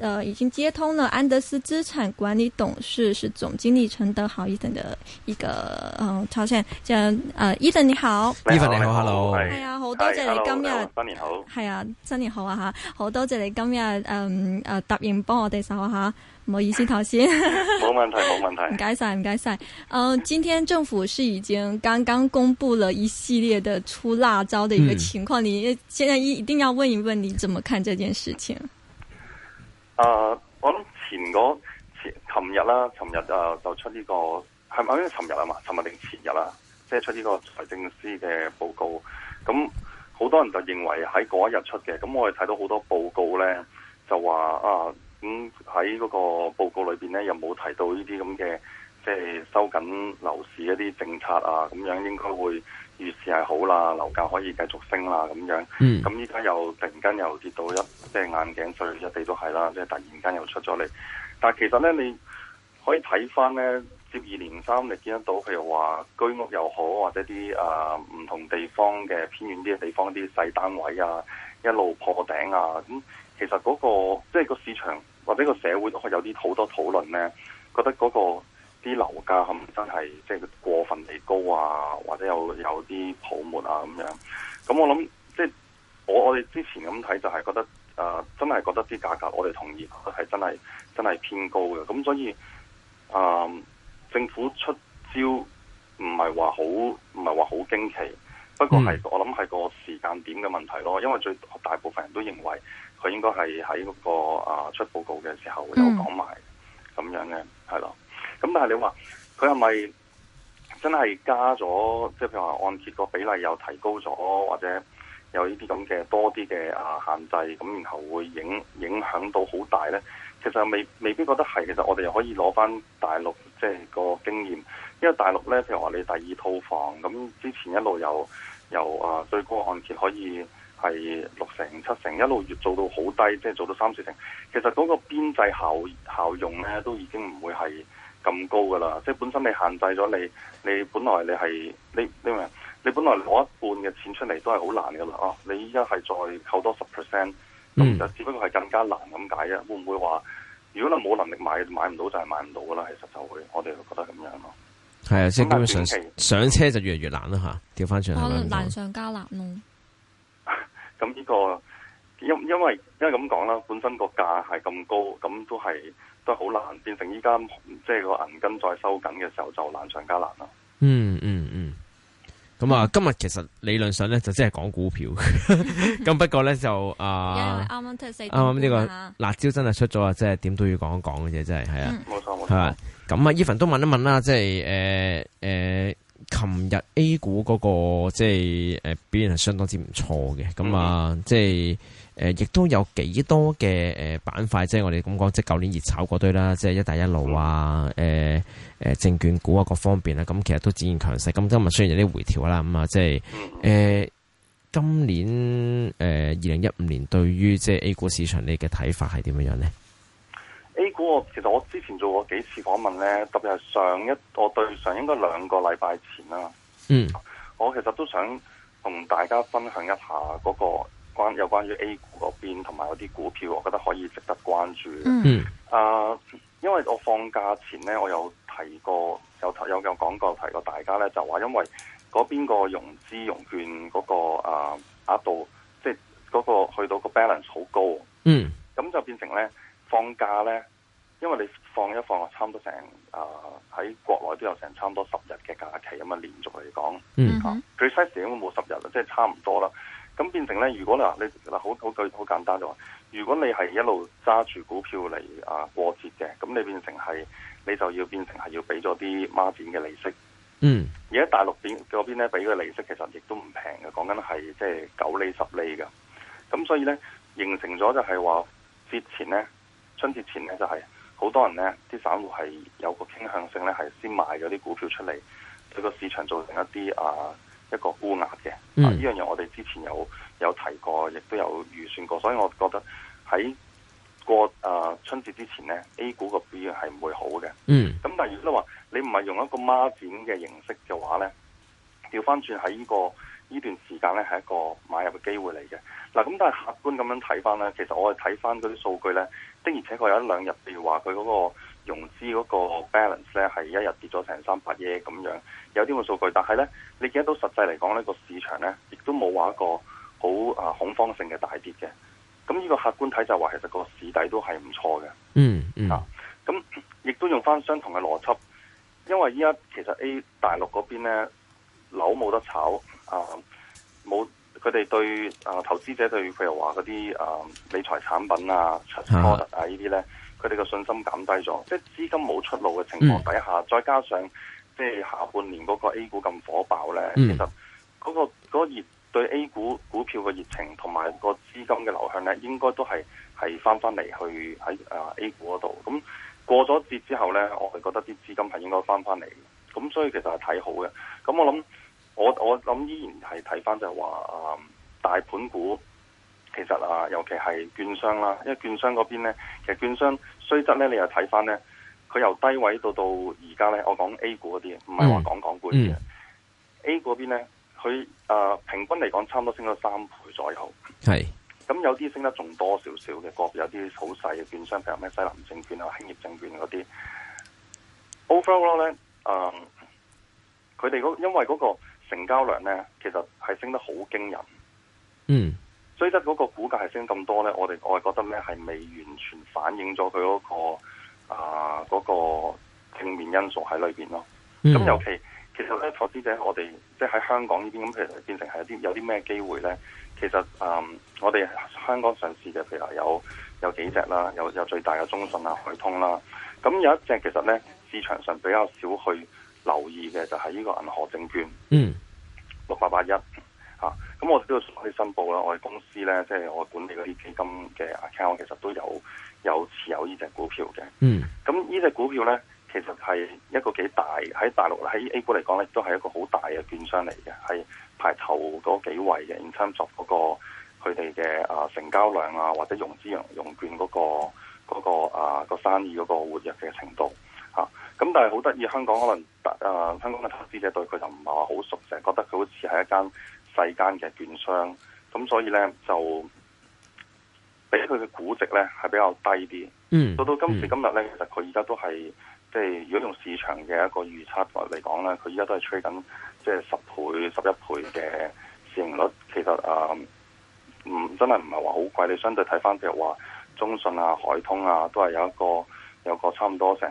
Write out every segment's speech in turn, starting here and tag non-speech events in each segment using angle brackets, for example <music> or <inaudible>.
呃，已經接通了安德斯資產管理董事是總經理陳德豪 Ethan 的一個嗯，朝這樣呃，Ethan 你好，Ethan、啊、你好，Hello，係啊，好多謝你今日，新、嗯嗯啊、年好，係啊，新年好啊哈，好多謝你今日嗯呃答應幫我哋手下唔好意思，頭、啊、先，冇問題冇問題，唔該晒唔該晒，嗯，今天政府是已經剛剛公布了一系列的出辣招的一個情況，嗯，你現在一一定要問一問你怎麼看這件事情。Uh, 想啊，我諗前前琴日啦，琴日啊就出呢個係咪因為琴日啊嘛，琴日定前日啦，即係出呢個財政司嘅報告。咁好多人就認為喺嗰一日出嘅。咁我哋睇到好多報告咧，就話啊，咁喺嗰個報告裏邊咧，又冇提到呢啲咁嘅，即係收緊樓市一啲政策啊，咁樣應該會。預示係好啦，樓價可以繼續升啦，咁樣。咁依家又突然間又跌到一，即係眼鏡碎一地都係啦，即係突然間又出咗嚟。但係其實咧，你可以睇翻咧，接二連三你見得到，譬如話居屋又好，或者啲啊唔同地方嘅偏遠啲嘅地方啲細單位啊，一路破頂啊。咁、嗯、其實嗰、那個即係、就是、個市場或者個社會都係有啲好多討論咧，覺得嗰、那個。啲樓價係咪真係即係過分地高啊，或者有有啲泡沫啊咁樣。咁我諗即係我我哋之前咁睇就係覺得誒、呃、真係覺得啲價格我哋同意係真係真係偏高嘅。咁所以啊、呃，政府出招唔係話好唔係話好驚奇，不過係、嗯、我諗係個時間點嘅問題咯。因為最大部分人都認為佢應該係喺嗰個啊出報告嘅時候有講埋咁樣嘅，係咯。咁但係你話佢係咪真係加咗，即係譬如話按揭個比例又提高咗，或者有呢啲咁嘅多啲嘅啊限制，咁然後會影影響到好大呢？其實未未必覺得係，其實我哋又可以攞翻大陸即係、就是、個經驗，因為大陸呢，譬如話你第二套房咁，之前一路有有啊最高按揭可以係六成七成，一路越做到好低，即、就、係、是、做到三四成，其實嗰個邊際效效用呢，都已經唔會係咁高噶啦，即係本身你限制咗你，你本來你係你你明，你本來攞一半嘅錢出嚟都係好難噶啦哦，你依家係再扣多十 percent，咁就只不過係更加難咁解啫，嗯、會唔會話如果你冇能力買，買唔到就係買唔到噶啦，其實就會我哋就覺得咁樣咯。係啊，即係基本上上車就越嚟越難啦吓，調翻轉可能難上加難咯。咁 <laughs> 呢、呢個。因因為因為咁講啦，本身個價係咁高，咁都係都係好難，變成依家即係個銀根再收緊嘅時候，就難上加難啦。嗯嗯嗯，咁、嗯、啊、嗯嗯，今日其實理論上咧就即係講股票，咁、 <laughs> 嗯、不過咧就啊，啱啱啱啱呢個辣椒真係出咗啊，即係點都要講一講嘅啫，真係。係啊，冇錯冇錯。係啊，咁啊，依份都問一問啦，即係誒誒。呃呃琴日 A 股嗰，那個即係誒、呃、表現係相當之唔錯嘅，咁啊即係誒亦都有幾多嘅誒板塊，即係我哋咁講，即係舊年熱炒嗰堆啦，即係一帶一路啊，誒、呃、誒證券股啊各方面啊，咁其實都展現強勢。咁今日雖然有啲回調啦，咁啊即係誒、呃、今年誒二零一五年對於即係 A 股市場你嘅睇法係點樣樣咧？A 股我其實我之前做過幾次訪問咧，特別係上一我對上應該兩個禮拜前啦。嗯，我其實都想同大家分享一下嗰個關有關於 A 股嗰邊同埋有啲股票，我覺得可以值得關注。嗯，啊，uh，因為我放假前咧，我有提過有有有講過有提過大家咧，就話因為嗰邊個融資融券嗰、嗰個啊額度，即係嗰個去到個 balance 好高。嗯，咁就變成咧。放假咧，因為你放一放，差唔多成啊喺、呃、國內都有成差唔多十日嘅假期咁啊，連續嚟講，佢 size 應該冇十日啦，即係差唔多啦。咁變成咧，如果嗱你嗱好好句好簡單就話，如果你係一路揸住股票嚟啊過節嘅，咁你變成係你就要變成係要俾咗啲孖展嘅利息。嗯，而家大陸那邊嗰邊咧，俾個利息其實亦都唔平嘅，講緊係即係九厘十厘嘅。咁所以咧，形成咗就係話節前咧。春節前咧就係、是、好多人咧，啲散戶係有個傾向性咧，係先賣咗啲股票出嚟，對個市場造成一啲啊一個烏壓嘅。啊、呢、啊、樣嘢我哋之前有有提過，亦都有預算過，所以我覺得喺過啊春節之前咧，A 股個表現係唔會好嘅。嗯。咁但係如果你話你唔係用一個孖展嘅形式嘅話咧，調翻轉喺呢個。呢段時間呢係一個買入嘅機會嚟嘅。嗱、啊、咁，但係客觀咁樣睇翻呢，其實我係睇翻嗰啲數據呢。的而且確有一兩日，譬如話佢嗰個融資嗰個 balance 呢，係一日跌咗成三百億咁樣，有啲咁嘅數據。但係呢，你見得到實際嚟講呢個市場呢，亦都冇話一個好啊恐慌性嘅大跌嘅。咁呢個客觀睇就話，其實個市底都係唔錯嘅。嗯嗯。咁、啊、亦都用翻相同嘅邏輯，因為依家其實 A 大陸嗰邊呢樓冇得炒。啊！冇佢哋對啊投資者對譬如話嗰啲啊理財產品啊信託啊呢啲咧，佢哋嘅信心減低咗，即係資金冇出路嘅情況底下，mm. 再加上即係下半年嗰個 A 股咁火爆咧，mm. 其實嗰、嗰個嗰個熱對 A 股股票嘅熱情同埋個資金嘅流向咧，應該都係係翻翻嚟去喺啊 A 股嗰度。咁過咗節之後咧，我係覺得啲資金係應該翻翻嚟，咁所以其實係睇好嘅。咁我諗。我我諗依然係睇翻就係話、嗯，大盤股其實啊，尤其係券商啦，因為券商嗰邊咧，其實券商雖則咧，你又睇翻咧，佢由低位到到而家咧，我講 A 股嗰啲，唔係話講港股啲嘅。A 股嗰邊咧，佢誒、呃、平均嚟講，差唔多升咗三倍左右。係。咁有啲升得仲多少少嘅，個別有啲好細嘅券商，譬如咩西南證券啊、興業證券嗰啲。Overall 咧，誒、呃，佢哋因為嗰、嗰個。成交量咧，其實係升得好驚人。嗯，所以得嗰個股價係升咁多咧，我哋我係覺得咧係未完全反映咗佢嗰個啊嗰個正面因素喺裏邊咯。咁、嗯、尤其其實咧，投資者我哋即係喺香港呢邊咁，其實變成係有啲有啲咩機會咧。其實嗯，我哋香港上市嘅譬如話有有幾隻啦，有有最大嘅中信啊、海通啦，咁有一隻其實咧，市場上比較少去留意嘅就係呢個銀河證券，嗯，六八八一吓，咁、啊、我都要去申報啦。我哋公司咧，即、就、係、是、我管理嗰啲基金嘅 account，其實都有有持有呢隻股票嘅，嗯。咁呢隻股票咧，其實係一個幾大喺大陸喺 A 股嚟講咧，都係一個好大嘅券商嚟嘅，係排頭嗰幾位嘅，in terms of 嗰個佢哋嘅啊成交量啊或者融資融券嗰、那個、那個啊個生意嗰個活躍嘅程度吓。咁、啊、但係好得意，香港可能。誒、uh，香港嘅投資者對佢就唔係話好熟，成覺得佢好似係一間細間嘅券商，咁所以咧就俾佢嘅估值咧係比較低啲。嗯，到到今時今日咧，其實佢而家都係即係如果用市場嘅一個預測嚟講咧，佢而家都係吹緊即係十倍、十一倍嘅市盈率。其實誒，唔、嗯、真係唔係話好貴。你相對睇翻譬如話中信啊、海通啊，都係有一個有個差唔多成。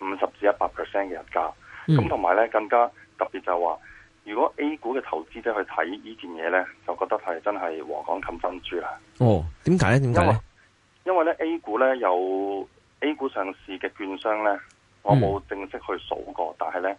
五十至一百 percent 嘅溢價，咁同埋咧更加特別就係話，如果 A 股嘅投資者去睇呢件嘢咧，就覺得係真係黃金冚珍珠啦。哦，點解咧？點解咧？因為咧 A 股咧有 A 股上市嘅券商咧，我冇正式去數過，嗯、但係咧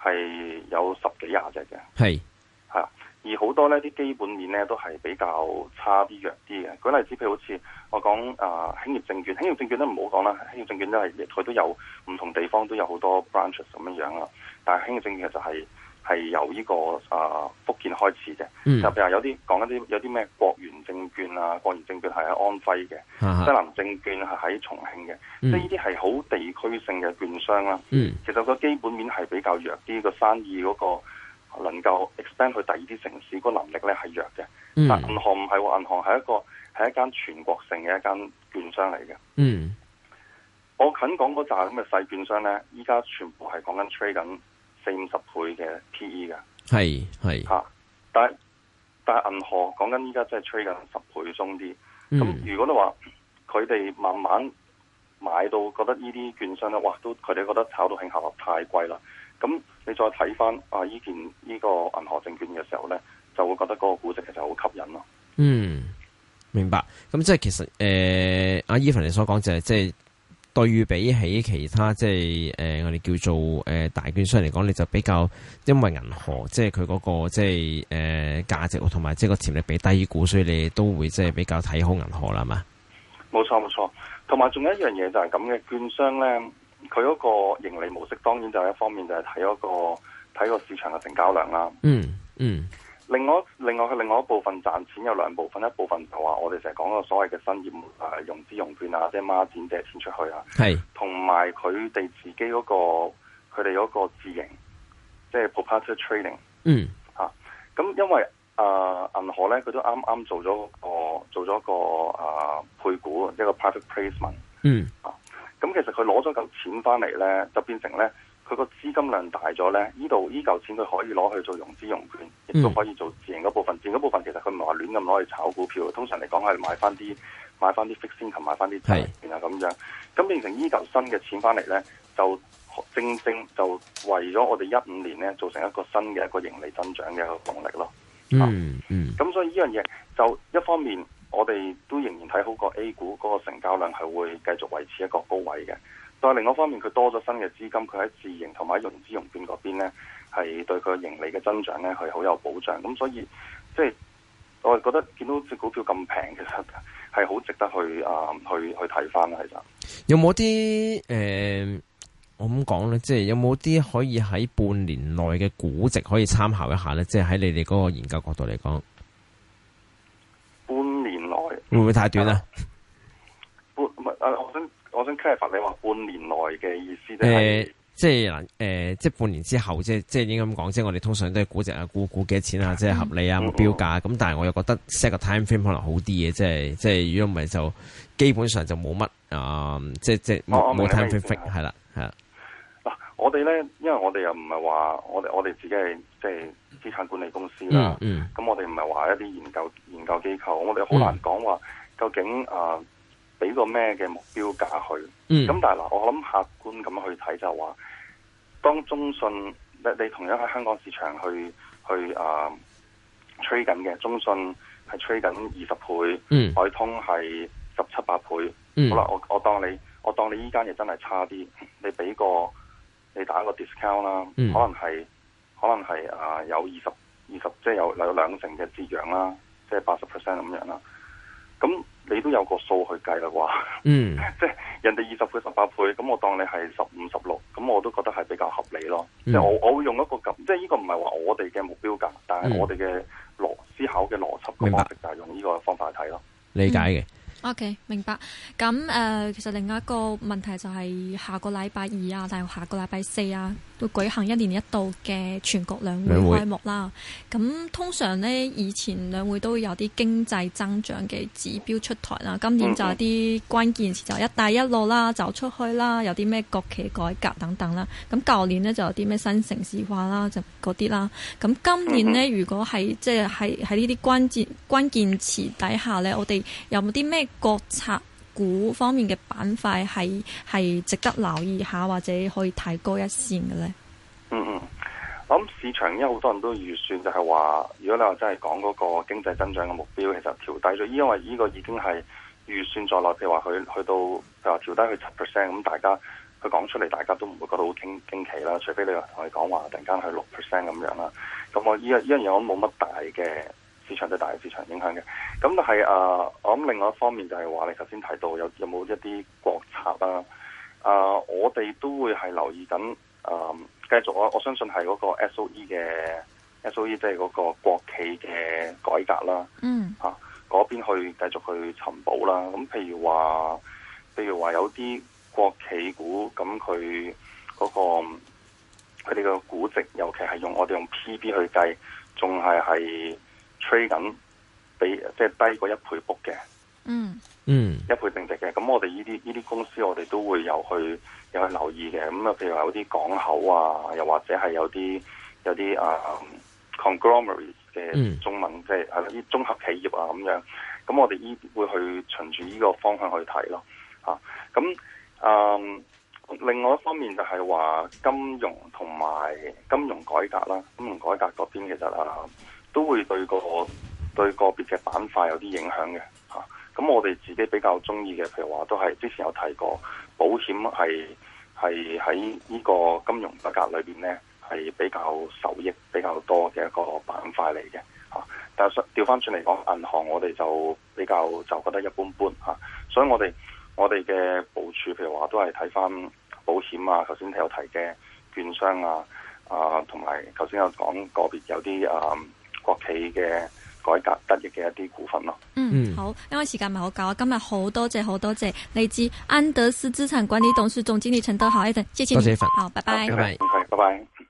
係有十幾廿隻嘅。係嚇。而好多呢啲基本面咧都係比較差啲弱啲嘅。舉例子，譬如好似我講啊、呃，興業證券，興業證券都唔好講啦，興業證券都係佢都有唔同地方都有好多 branches 咁樣樣啦。但係興業證券就係係由呢個啊、呃、福建開始嘅，就譬如有啲講緊啲有啲咩國元證券啊，國元證券係喺安徽嘅，uh -huh. 西南證券係喺重慶嘅，uh -huh. 即係呢啲係好地區性嘅券商啦。Uh -huh. 其實個基本面係比較弱啲嘅生意嗰個。能夠 expand 去第二啲城市嗰能力咧係弱嘅、嗯。但銀行唔係話銀行係一個係一間全國性嘅一間券商嚟嘅。嗯，我近講嗰扎咁嘅細券商咧，依家全部係講緊 trade 緊四五十倍嘅 PE 嘅。係係啊，但係但係銀行講緊依家真係 trade 緊十倍鬆啲。咁、嗯、如果你話佢哋慢慢。買到覺得呢啲券商咧，哇！都佢哋覺得炒到興頭太貴啦。咁你再睇翻啊依件依、這個銀河證券嘅時候咧，就會覺得嗰個估值其實好吸引咯。嗯，明白。咁即係其實誒，阿 Ethan 你所講就係即係對比起其他即係誒我哋叫做誒、呃、大券商嚟講，你就比較因為銀河即係佢嗰個即係誒價值同埋即係個潛力畀低估，所以你都會即係比較睇好銀河啦嘛。冇錯冇錯，同埋仲有一樣嘢就係咁嘅券商咧，佢嗰個盈利模式當然就係一方面就係睇嗰個睇個市場嘅成交量啦。嗯嗯，另外另外佢另外一部分賺錢有兩部分，一部分就話我哋成日講嗰個所謂嘅新業誒、呃、融資融券啊，即係孖展借錢出去啊。係，同埋佢哋自己嗰個佢哋嗰個自營，即係 proprietary trading。嗯，嚇，咁因為。啊、uh，銀河咧，佢都啱啱做咗個做咗個啊、呃、配股一個 private placement。嗯。啊，咁其實佢攞咗嚿錢翻嚟咧，就變成咧，佢個資金量大咗咧，呢度依嚿錢佢可以攞去做融資融券，亦都可以做自營嗰部分。嗯、自營嗰部分其實佢唔係話亂咁攞去炒股票，通常嚟講係買翻啲買翻啲 fixed i n 買翻啲制券啊咁樣。咁變成依嚿新嘅錢翻嚟咧，就正正就為咗我哋一五年咧，造成一個新嘅一個盈利增長嘅一個動力咯。嗯，咁、嗯、所以呢樣嘢就一方面，我哋都仍然睇好個 A 股嗰個成交量係會繼續維持一個高位嘅。但係另外一方面，佢多咗新嘅資金，佢喺自營同埋融資融券嗰邊咧，係對佢盈利嘅增長咧係好有保障。咁所以即係、就是、我係覺得見到隻股票咁平，其實係好值得去啊、嗯、去去睇翻其實就是。有冇啲誒？呃我咁講咧，即係有冇啲可以喺半年內嘅估值可以參考一下咧？即係喺你哋嗰個研究角度嚟講，半年內會唔會太短啊、yeah.？半唔係我想我想 check 你話半年內嘅意思、就是呃，即係即係誒，即係半年之後，即係即係應該咁講，即係我哋通常都係估值啊，估估幾多錢啊，即係合理啊目標價咁。Mm-hmm. 但係我又覺得 set 個 time frame 可能好啲嘅，即係即係如果唔係就基本上就冇乜啊，即即冇、oh, I mean time frame 係啦係啦。我哋咧，因為我哋又唔係話我哋，我哋自己係即係資產管理公司啦。嗯，咁、嗯、我哋唔係話一啲研究研究機構，我哋好難講話究竟啊，俾、呃、個咩嘅目標價去。嗯，咁但係嗱，我諗客觀咁去睇就係話，當中信你你同樣喺香港市場去去啊，吹緊嘅中信係吹緊二十倍，海、嗯、通係十七八倍。嗯、好啦，我我當你我當你依間嘢真係差啲，你俾個。你打一個 discount 啦、嗯，可能係可能係啊有二十二十，即係有有兩成嘅折讓啦，即係八十 percent 咁樣啦。咁你都有個數去計啦啩？嗯，即係人哋二十倍十八倍，咁我當你係十五十六，咁我都覺得係比較合理咯。即、嗯、係、就係、我我會用一個咁，即係呢個唔係話我哋嘅目標價，但係我哋嘅邏思考嘅邏輯嘅方式就係用呢個方法去睇咯、嗯。理解嘅。OK，明白。咁誒、呃，其實另一個問題就係下個禮拜二啊，定係下個禮拜四啊？會舉行一年一度嘅全國兩會開幕啦。咁通常呢，以前兩會都有啲經濟增長嘅指標出台啦。今年就有啲關鍵詞就一帶一路啦、走出去啦、有啲咩國企改革等等啦。咁舊年呢，就有啲咩新城市化啦，就嗰啲啦。咁今年呢，如果係即係喺喺呢啲關鍵關鍵詞底下呢，我哋有冇啲咩國策？股方面嘅板塊係係值得留意下，或者可以提高一線嘅咧。嗯嗯，我諗市場，因為好多人都預算就是說，就係話如果你話真係講嗰個經濟增長嘅目標，其實調低咗，因為呢個已經係預算在內。譬如話去去到佢話調低去七 percent，咁大家佢講出嚟，大家都唔會覺得好驚驚奇啦。除非你話同佢講話突然間去六 percent 咁樣啦。咁我依一依一樣我冇乜大嘅。市場對大嘅市場影響嘅，咁但係、啊、我諗另外一方面就係話，你頭先提到有沒有冇一啲國策啊，啊我哋都會係留意緊，啊，繼續我我相信係嗰個 S O E 嘅 S O E 即係嗰個國企嘅改革啦，嗯、mm. 啊，嗰邊去繼續去尋寶啦，咁譬如話，譬如話有啲國企股，咁佢嗰個佢哋嘅估值，尤其係用我哋用 P B 去計，仲係係。吹緊，比即係低過一倍 book 嘅，嗯嗯，一倍定值嘅。咁我哋呢啲呢啲公司，我哋都會有去有去留意嘅。咁啊，譬如話有啲港口啊，又或者係有啲有啲啊、um, conglomerates 嘅中文，嗯、即係係啦啲綜合企業啊咁樣。咁我哋依會去循住呢個方向去睇咯，嚇、啊。咁嗯、啊，另外一方面就係話金融同埋金融改革啦。金融改革嗰邊其實啊。都會對個對個別嘅板塊有啲影響嘅嚇。咁我哋自己比較中意嘅，譬如話都係之前有提過保險係係喺呢個金融格局裏面咧，係比較受益比較多嘅一個板塊嚟嘅嚇。但係掉翻轉嚟講，銀行我哋就比較就覺得一般般、啊、所以我哋我哋嘅部署，譬如話都係睇翻保險啊，頭先你有提嘅券商啊啊，同埋頭先有講個別有啲啊。嗯國企嘅改革得益嘅一啲股份咯。嗯，好，因為時間唔係好夠啊，今日好多謝好多謝嚟自安德斯資產管理董事總經理陳德豪 Ethan，謝謝 Ethan，好，拜拜，拜拜，拜拜。拜拜。